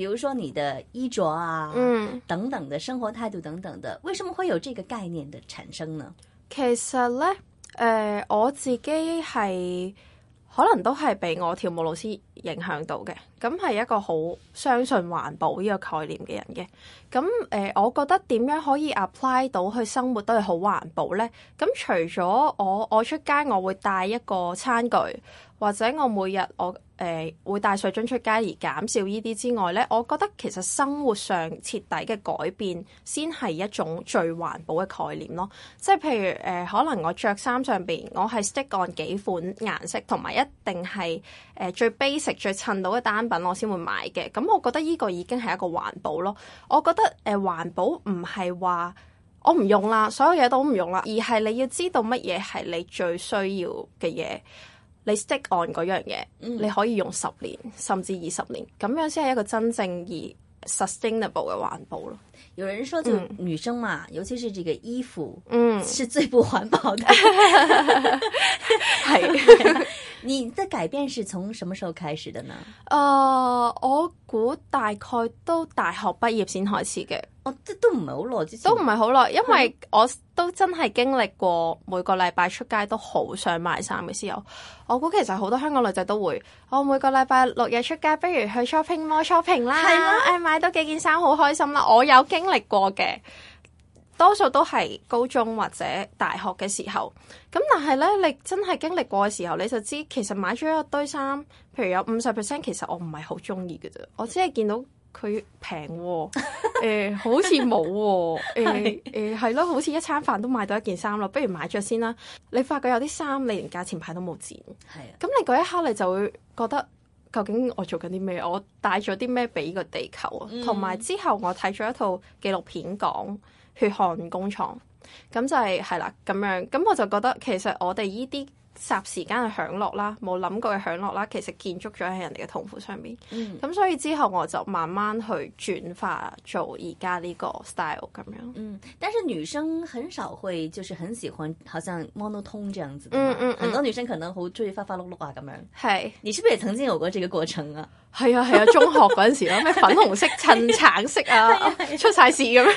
比如說你的衣着啊，嗯、等等的生活態度等等的，為什麼會有這個概念的產生呢？其實呢，誒、呃，我自己係可能都係被我跳舞老師影響到嘅。咁係一個好相信環保呢個概念嘅人嘅，咁誒、呃，我覺得點樣可以 apply 到去生活都係好環保呢？咁除咗我我出街我會帶一個餐具，或者我每日我誒、呃、會帶水樽出街而減少呢啲之外呢，我覺得其實生活上徹底嘅改變先係一種最環保嘅概念咯。即係譬如誒、呃，可能我着衫上邊我係 stick on 幾款顏色，同埋一定係誒、呃、最 basic 最襯到嘅單。品我先會買嘅，咁我覺得呢個已經係一個環保咯。我覺得誒，環保唔係話我唔用啦，所有嘢都唔用啦，而係你要知道乜嘢係你最需要嘅嘢，你 stick on 嗰樣嘢，你可以用十年甚至二十年，咁樣先係一個真正意。Sustainable 嘅環保咯，有人說就女生嘛，嗯、尤其是這個衣服，嗯，是最不環保嘅。係，你嘅改變是從什麼時候開始的呢？誒、呃，我估大概都大學畢業先開始嘅。我、哦、都唔係好耐之前，都唔係好耐，因為我、哦。我都真係經歷過每個禮拜出街都好想買衫嘅時候，我估其實好多香港女仔都會，我、哦、每個禮拜六日出街，不如去 shopping mall shopping 啦，哎、啊、買多幾件衫好開心啦。我有經歷過嘅，多數都係高中或者大學嘅時候。咁但係咧，你真係經歷過嘅時候，你就知其實買咗一堆衫，譬如有五十 percent 其實我唔係好中意嘅啫。我只係見到。佢平誒，好似冇誒誒，係咯、 欸欸，好似一餐飯都買到一件衫咯。不如買咗先啦。你發覺有啲衫，你連價錢牌都冇剪，係啊的。咁你嗰一刻，你就會覺得究竟我做緊啲咩？我帶咗啲咩俾個地球啊？同埋、嗯、之後，我睇咗一套紀錄片講，講血汗工廠，咁就係係啦咁樣。咁我就覺得其實我哋依啲，霎時間嘅享樂啦，冇諗過嘅享樂啦，其實建築咗喺人哋嘅痛苦上面。咁、嗯、所以之後我就慢慢去轉化，做而家呢個 style 咁樣。嗯，但是女生很少會就是很喜歡，好像 monotone 這樣子，嗯。嗯嗯，很多女生可能好鍾意花花碌碌啊咁樣。係是，你是不是曾經有過這個過程啊？係啊係啊，啊，中學嗰陣時啦，咩粉紅色襯橙色啊，出晒事咁樣。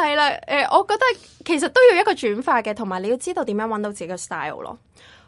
係啦，誒、呃，我覺得其實都要一個轉化嘅，同埋你要知道點樣揾到自己嘅 style 咯。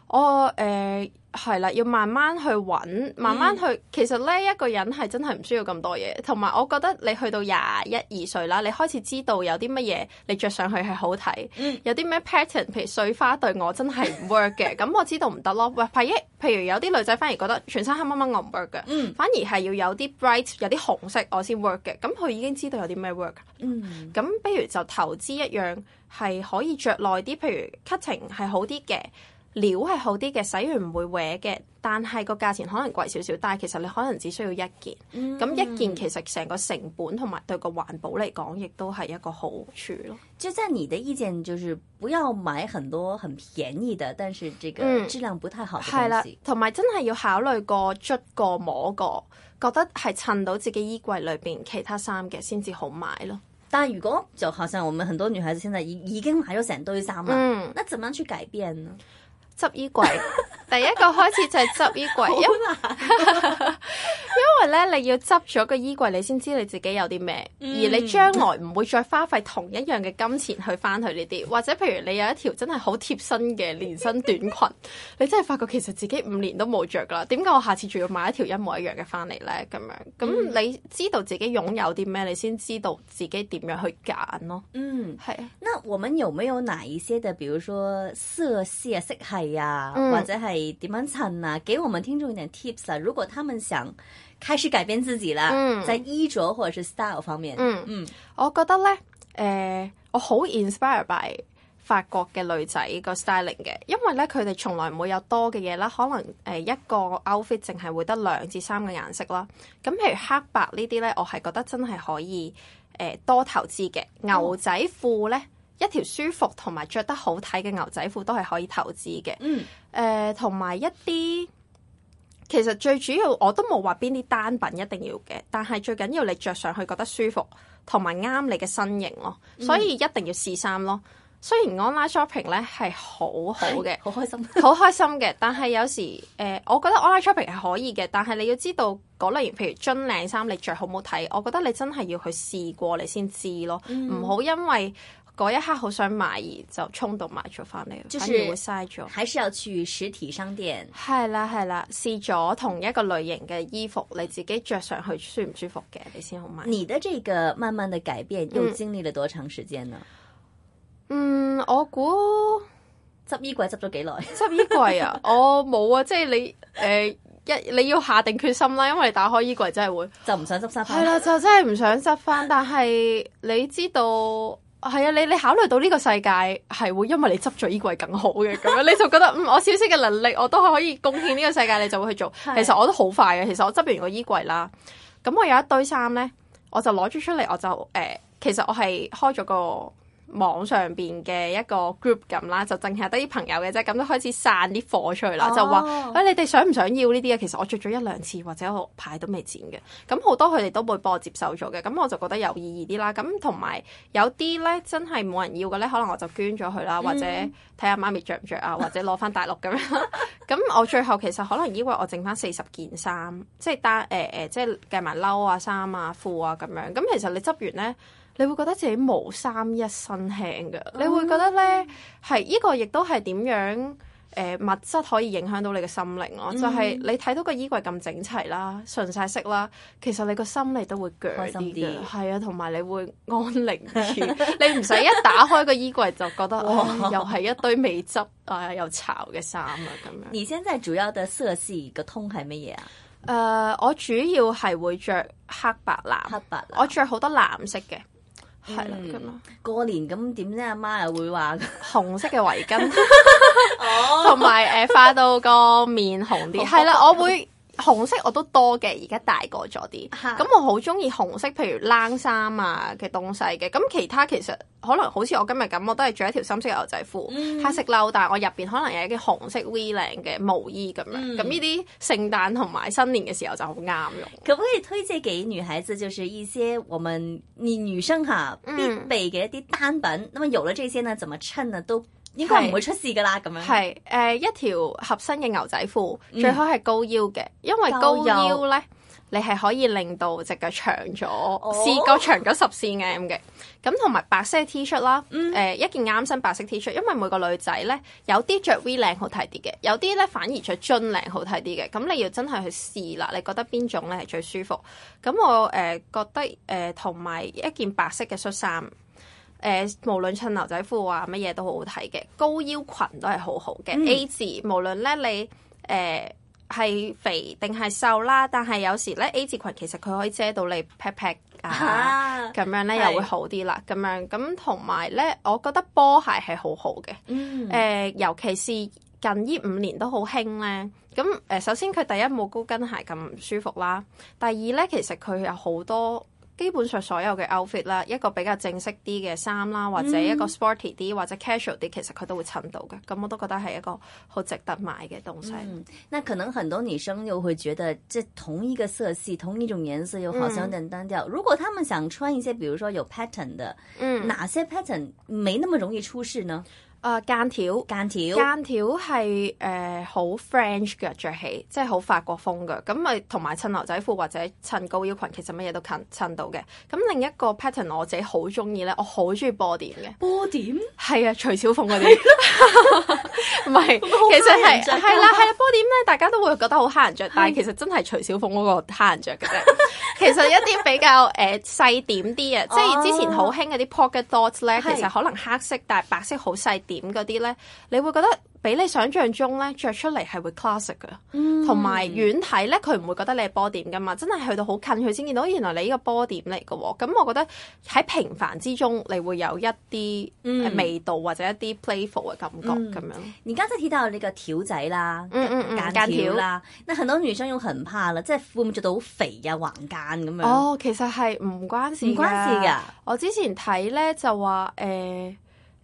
我誒係啦，要慢慢去揾，慢慢去。Mm. 其實咧，一個人係真係唔需要咁多嘢。同埋，我覺得你去到廿一二歲啦，你開始知道有啲乜嘢你着上去係好睇，mm. 有啲咩 pattern，譬如碎花對我真係唔 work 嘅。咁 我知道唔得咯。喂，反而譬如有啲女仔反而覺得全身黑媽媽我唔 work 嘅，mm. 反而係要有啲 bright 有啲紅色我先 work 嘅。咁佢已經知道有啲咩 work。嗯，咁比如就投資一樣係可以着耐啲，譬如 cutting 係好啲嘅。料係好啲嘅，洗完唔會歪嘅，但係個價錢可能貴少少，但係其實你可能只需要一件，咁、嗯、一件其實成個成本同埋對個環保嚟講，亦都係一個好處咯。就在你嘅意見，就是不要買很多很便宜的，但是這個質量不太合適。同埋、嗯、真係要考慮過捽過摸過，覺得係襯到自己衣櫃裏邊其他衫嘅先至好買咯。但係如果就好像我們很多女孩子現在已已經買咗成堆衫啦，嗯、那怎麼樣去改變呢？執衣櫃。第一個開始就係執衣櫃， 難 因為因為咧，你要執咗個衣櫃，你先知你自己有啲咩。嗯、而你將來唔會再花費同一樣嘅金錢去翻佢呢啲，或者譬如你有一條真係好貼身嘅連身短裙， 你真係發覺其實自己五年都冇着㗎啦。點解我下次仲要買一條一模一樣嘅翻嚟咧？咁樣咁，你知道自己擁有啲咩，你先知道自己點樣去揀咯。嗯，係是。那我們有沒有哪一些的，比如說色系啊、色系啊，或者係？點樣襯啊？給我們聽眾一點 tips 啊！如果他們想開始改變自己啦，嗯，在衣着或者是 style 方面，嗯嗯，嗯我覺得咧，誒、呃，我好 inspire by 法國嘅女仔個 styling 嘅，因為咧佢哋從來唔會有多嘅嘢啦，可能誒一個 outfit 淨係會得兩至三個顏色啦。咁譬如黑白呢啲咧，我係覺得真係可以誒、呃、多投資嘅牛仔褲咧。嗯一條舒服同埋着得好睇嘅牛仔褲都係可以投資嘅。嗯，誒同埋一啲，其實最主要我都冇話邊啲單品一定要嘅，但係最緊要你着上去覺得舒服同埋啱你嘅身形咯。所以一定要試衫咯。嗯、雖然 online shopping 咧係好好嘅，好 開心，好 開心嘅，但係有時誒、呃，我覺得 online shopping 係可以嘅，但係你要知道嗰類型，譬如樽領衫你着好唔好睇，我覺得你真係要去試過你先知咯，唔好、嗯、因為。嗰一刻好想買，就衝動買咗翻嚟，就是，反而會嘥咗。還是要去實體商店。係啦係啦，試咗同一個類型嘅衣服，你自己着上去舒唔舒服嘅，你先好買。你的這個慢慢的改變，又經歷了多長時間呢？嗯，我估執衣櫃執咗幾耐？執 衣櫃啊，我、oh, 冇啊，即、就、係、是、你誒一、呃、你要下定決心啦，因為你打開衣櫃真係會就唔想執翻，係啦、 啊、就真係唔想執翻。但係你知道？ 係啊，你你考慮到呢個世界係會因為你執咗衣櫃更好嘅，咁樣你就覺得 嗯，我小息嘅能力我都可以貢獻呢個世界，你就會去做。 其實我都好快嘅，其實我執完個衣櫃啦，咁我有一堆衫咧，我就攞咗出嚟，我就誒、呃，其實我係開咗個，網上邊嘅一個 group 咁啦，就淨係得啲朋友嘅啫，咁都開始散啲貨出去啦，oh. 就話：餵、哎、你哋想唔想要呢啲啊？其實我着咗一兩次或者我牌都未剪嘅。咁好多佢哋都會幫我接受咗嘅，咁我就覺得有意義啲啦。咁同埋有啲咧真係冇人要嘅咧，可能我就捐咗佢啦，或者睇下媽咪着唔着啊，或者攞翻大陸咁 樣。咁我最後其實可能以為我剩翻四十件衫，即係單誒誒、呃，即係計埋褸啊、衫啊、褲啊咁樣。咁其實你執完咧。你會覺得自己冇衫一身輕噶，你會覺得呢，係呢、嗯這個亦都係點樣誒、呃、物質可以影響到你嘅心靈咯？嗯、就係你睇到個衣櫃咁整齊啦，純晒色啦，其實你個心理都會弱啲嘅，係啊，同埋你會安寧住。 你唔使一打開個衣櫃就覺得哇，哎、又係一堆未執啊又巢嘅衫啊咁樣。你現在主要嘅色系嘅 tone 係乜嘢啊？誒、呃，我主要係會着黑白藍，黑白， 我着好多藍色嘅。係啦，過年咁點咧？阿媽，媽又會話紅色嘅圍巾，同埋誒化到個面紅啲。係 啦， 我會。紅色我都多嘅，而家大個咗啲，咁我好中意紅色，譬如冷衫啊嘅東西嘅，咁其他其實可能好似我今日咁，我都係着一條深色牛仔褲，黑色褸，但係我入邊可能有一啲紅色 V 領嘅毛衣咁樣，咁呢啲聖誕同埋新年嘅時候就好啱用。可不可以推薦給女孩子，就是一些我們女女生哈必備嘅一啲單品？嗯、那麼有了這些呢，怎麼襯呢都？應該唔會出事噶啦，咁是樣係誒、呃、一條合身嘅牛仔褲，嗯、最好係高腰嘅，因為高腰咧，右你係可以令到隻腳長咗，試過、哦、長咗十四 M 嘅，咁同埋白色 T 恤啦，誒、嗯呃、一件啱身白色 T 恤，因為每個女仔咧有啲着 V 領好睇啲嘅，有啲咧反而着樽領好睇啲嘅，咁你要真係去試啦，你覺得邊種咧係最舒服？咁我誒、呃、覺得誒同埋一件白色嘅恤衫。誒、呃，無論襯牛仔褲啊，乜嘢都好好睇嘅，高腰裙都係好好嘅、嗯、A 字，無論咧你誒係、呃、肥定係瘦啦，但係有時咧 A 字裙其實佢可以遮到你劈劈，啊，咁、啊、樣咧又會好啲啦，咁是樣咁同埋咧，我覺得波鞋係好好嘅，誒、嗯呃、尤其是近呢五年都好興咧，咁誒、呃、首先佢第一冇高跟鞋咁舒服啦，第二咧其實佢有好多。基本上所有嘅 outfit 啦，一個比較正式啲嘅衫啦，或者一個 sporty 啲或者 casual 啲，其實佢都會襯到嘅。咁我都覺得係一個好值得買嘅東西。嗯，那可能很多女生又會覺得，即同一個色系、同一種顏色又好像有點單調。嗯，如果他們想穿一些，比如說有 pattern 的，嗯，哪些 pattern 沒那麼容易出事呢？啊、呃、間條間條間條係誒好 French 嘅，着、呃、起，即係好法過風嘅。咁咪同埋襯牛仔褲或者襯高腰裙，其實乜嘢都襯襯到嘅。咁另一個 pattern 我自己好中意咧，我好中意波點嘅波點。係啊，徐小鳳嗰啲。唔係，其實係係啦，係 波點咧，大家都會覺得好黑人着。的但係其實真係徐小鳳嗰個黑人着嘅啫。 其實一啲比較誒、呃、細點啲啊， 即係之前好興嗰啲 polka dots 咧，其實可能黑色，但係白色好細點嗰啲咧，你會覺得比你想象中咧着出嚟係會 classic 噶同埋遠睇咧佢唔會覺得你係波點噶嘛，真係去到好近佢先見到，原來你呢個波點嚟噶。咁我覺得喺平凡之中，你會有一啲味道、嗯、或者一啲 playful 嘅感覺咁、嗯、樣。而家即係睇到有你個條仔啦，間條啦，條條那很多女生用很怕啦，即係會唔會着到好肥啊，橫間咁樣？哦，其實係唔關事，唔關事噶。我之前睇咧就話誒。欸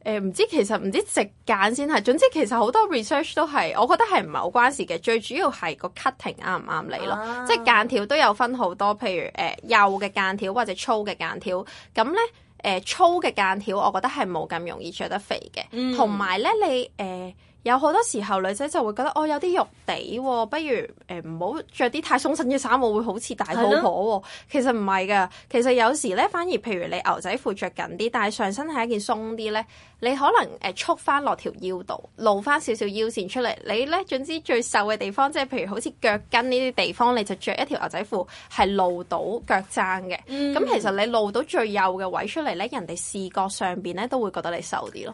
誒唔、呃、知其實唔知直間先係，總之其實好多 research 都係，我覺得係唔係好關事嘅，最主要係個 cutting 啱唔啱你咯，啊、即係間條都有分好多，譬如誒幼嘅間條或者粗嘅間條，咁咧誒粗嘅間條我覺得係冇咁容易着得肥嘅，同埋咧你誒。呃有好多時候，女仔就會覺得我、哦、有啲肉地喎、哦，不如誒唔好着啲太鬆身嘅衫我會好似大肚婆喎、哦。的其實唔係㗎，其實有時咧，反而譬如你牛仔褲着緊啲，但係上身係一件鬆啲咧，你可能誒束翻落條腰度，露翻少少腰線出嚟。你咧總之最瘦嘅地方，即係譬如好似腳跟呢啲地方，你就着一條牛仔褲係露到腳踭嘅。咁、嗯、其實你露到最幼嘅位出嚟咧，人哋視覺上面咧都會覺得你瘦啲咯。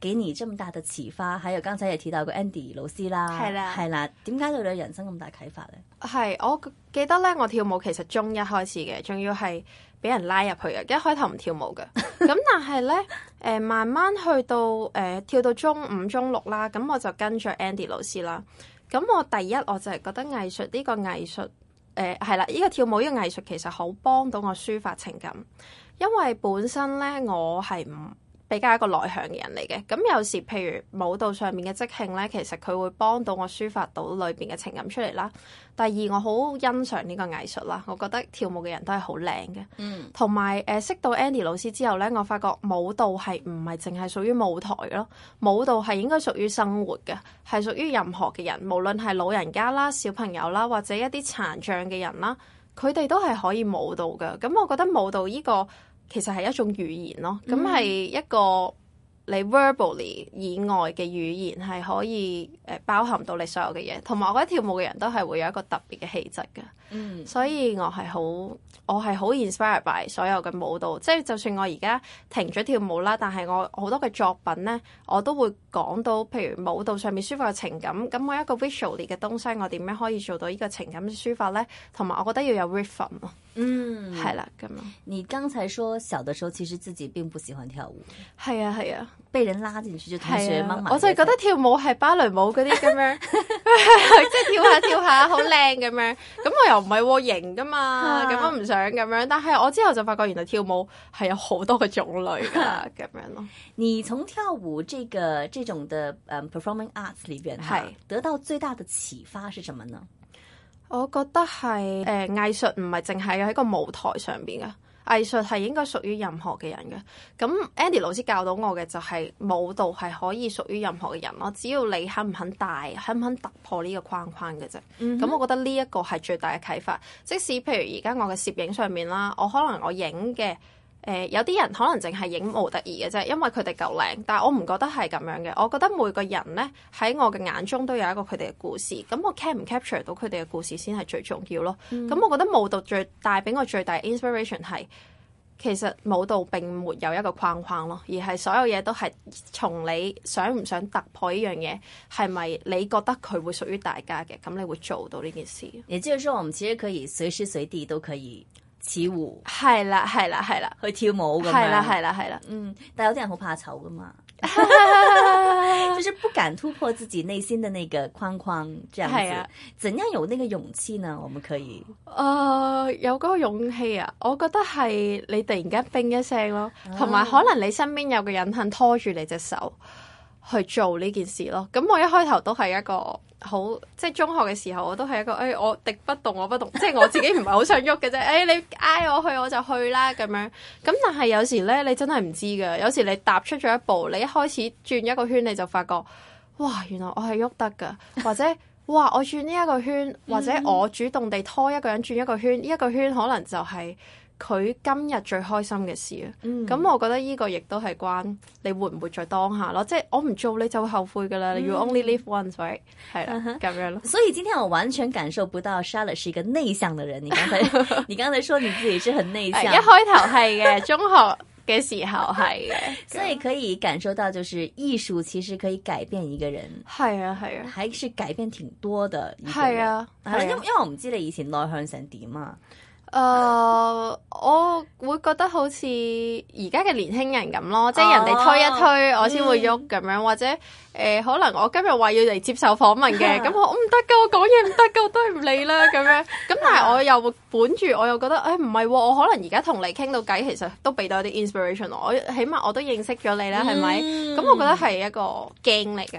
幾年咁大嘅瓷花喺剛才又提到個 Andy 老師啦，係啦的，係啦。點解對你人生咁大啟發呢？係我記得咧，我跳舞其實中一開始嘅，仲要係俾人拉入去嘅。一開頭唔跳舞嘅，咁 但係呢，誒、呃、慢慢去到誒、呃、跳到中五中六啦，咁我就跟住 Andy 老師啦。咁我第一我就係覺得藝術呢個藝術誒係啦，呢、呃這個跳舞呢個藝術其實好幫到我抒發情感，因為本身呢，我係唔。比較一個內向嘅人嚟嘅，咁有時譬如舞蹈上面嘅即興呢，其實佢會幫到我抒發到裏邊嘅情感出嚟啦。第二，我好欣賞呢個藝術啦，我覺得跳舞嘅人都係好靚嘅。嗯，同埋誒識到 Andy 老師之後呢，我發覺舞蹈係唔係淨係屬於舞台咯？舞蹈係應該屬於生活嘅，係屬於任何嘅人，無論係老人家啦、小朋友啦，或者一啲殘障嘅人啦，佢哋都係可以舞蹈嘅。咁我覺得舞蹈呢個。其實係一種語言咯，咁係一個。你 verbally 以外嘅語言係可以誒包含到你所有嘅嘢，同埋我覺得跳舞嘅人都係會有一個特別嘅氣質嘅。嗯，所以我係好我係好 inspired by 所有嘅舞蹈，即係就算我而家停咗跳舞啦，但係我好多嘅作品咧，我都會講到譬如舞蹈上面抒發嘅情感，咁我一個 visual 嘅東西，我點樣可以做到呢個情感嘅抒發咧？同埋我覺得要有 rhythm 咯。嗯，係啦，咁。你剛才說小嘅時候其實自己並不喜歡跳舞，係啊，係啊。被人拉住住，就同時掹埋。我就係覺得跳舞係芭蕾舞嗰啲咁樣，即係 跳下跳下好靚咁樣。咁我又唔係喎型噶嘛，咁我唔想咁樣。但係我之後就發覺，原來跳舞係有好多嘅種類噶咁、啊、樣咯。你從跳舞這個這種嘅誒、um, performing arts 裏邊，係是得到最大嘅啟發是什麼呢？我覺得係誒藝術唔係淨係喺個舞台上邊嘅。藝術係應該屬於任何嘅人嘅，咁 Andy 老師教到我嘅就係舞蹈係可以屬於任何嘅人咯，只要你肯唔肯大，肯唔肯突破呢個框框嘅啫。咁，嗯哼，我覺得呢一個係最大嘅啟發，即使譬如而家我嘅攝影上面啦，我可能我影嘅。誒、呃、有啲人可能淨係影模特兒嘅啫，因為佢哋夠靚，但係我唔覺得係咁樣嘅。我覺得每個人呢，喺我嘅眼中都有一個佢哋嘅故事，咁我 can 唔 capture 到佢哋嘅故事先係最重要咯。咁、嗯、我覺得舞蹈最帶俾我最大，大 inspiration 係，其實舞蹈並沒有一個框框咯，而係所有嘢都係從你想唔想突破呢樣嘢，係咪你覺得佢會屬於大家嘅，咁你會做到呢件事。也就是說，我們其實可以隨時隨地都可以。起舞，係啦係啦係啦，啦啦去跳舞咁樣，係啦係啦係啦，嗯，但有啲人好怕醜噶嘛，啊、 就是不敢突破自己內心嘅那個框框，這樣、啊、怎樣有呢個勇氣呢？我們可以，誒、呃，有嗰個勇氣啊，我覺得係你突然間冰一聲咯，同埋、啊、可能你身邊有個人肯拖住你隻手。去做呢件事咯。咁我一開頭都係一個好，即係中學嘅時候，我都一個、哎，我都係一個誒，我敵不動我不動，即係我自己唔係好想喐嘅啫。誒、 哎，你嗌我去我就去啦咁樣。咁但係有時咧，你真係唔知噶。有時你踏出咗一步，你一開始轉一個圈，你就發覺，哇，原來我係喐得噶，或者哇，我轉呢一個圈，或者我主動地拖一個人轉一個圈，呢、 嗯、一個圈可能就係、是。佢今日最開心嘅事啊！咁、嗯、我覺得呢個亦都係關你會唔會在當下咯，即係我唔做你就會後悔噶啦。You only live once，right？係、right? 啦、uh，咁、huh. 樣咯。所以今天我完全感受不到 Chalotte 是一個內向嘅人。你剛才你剛才，你剛才說你自己是很內向，一開頭係嘅，中學嘅時候係嘅，所以可以感受到，就是藝術其實可以改變一個人。係啊，係啊，還是改變挺多的。係啊，因因為我唔知你以前內向成點啊。誒，uh, 我會覺得好似而、oh，家嘅年輕人咁咯，即係人哋推一推，我先會喐咁樣，嗯、或者誒、呃，可能我今日話要嚟接受訪問嘅，咁 我唔得噶，我講嘢唔得噶， 我都係唔理啦咁樣。咁但係我又會本住，我又覺得誒，唔、哎、係、啊，我可能而家同你傾到偈，其實都俾到一啲 inspiration，我起碼我都認識咗你啦，係咪、嗯？咁我覺得係一個經歷嚟噶。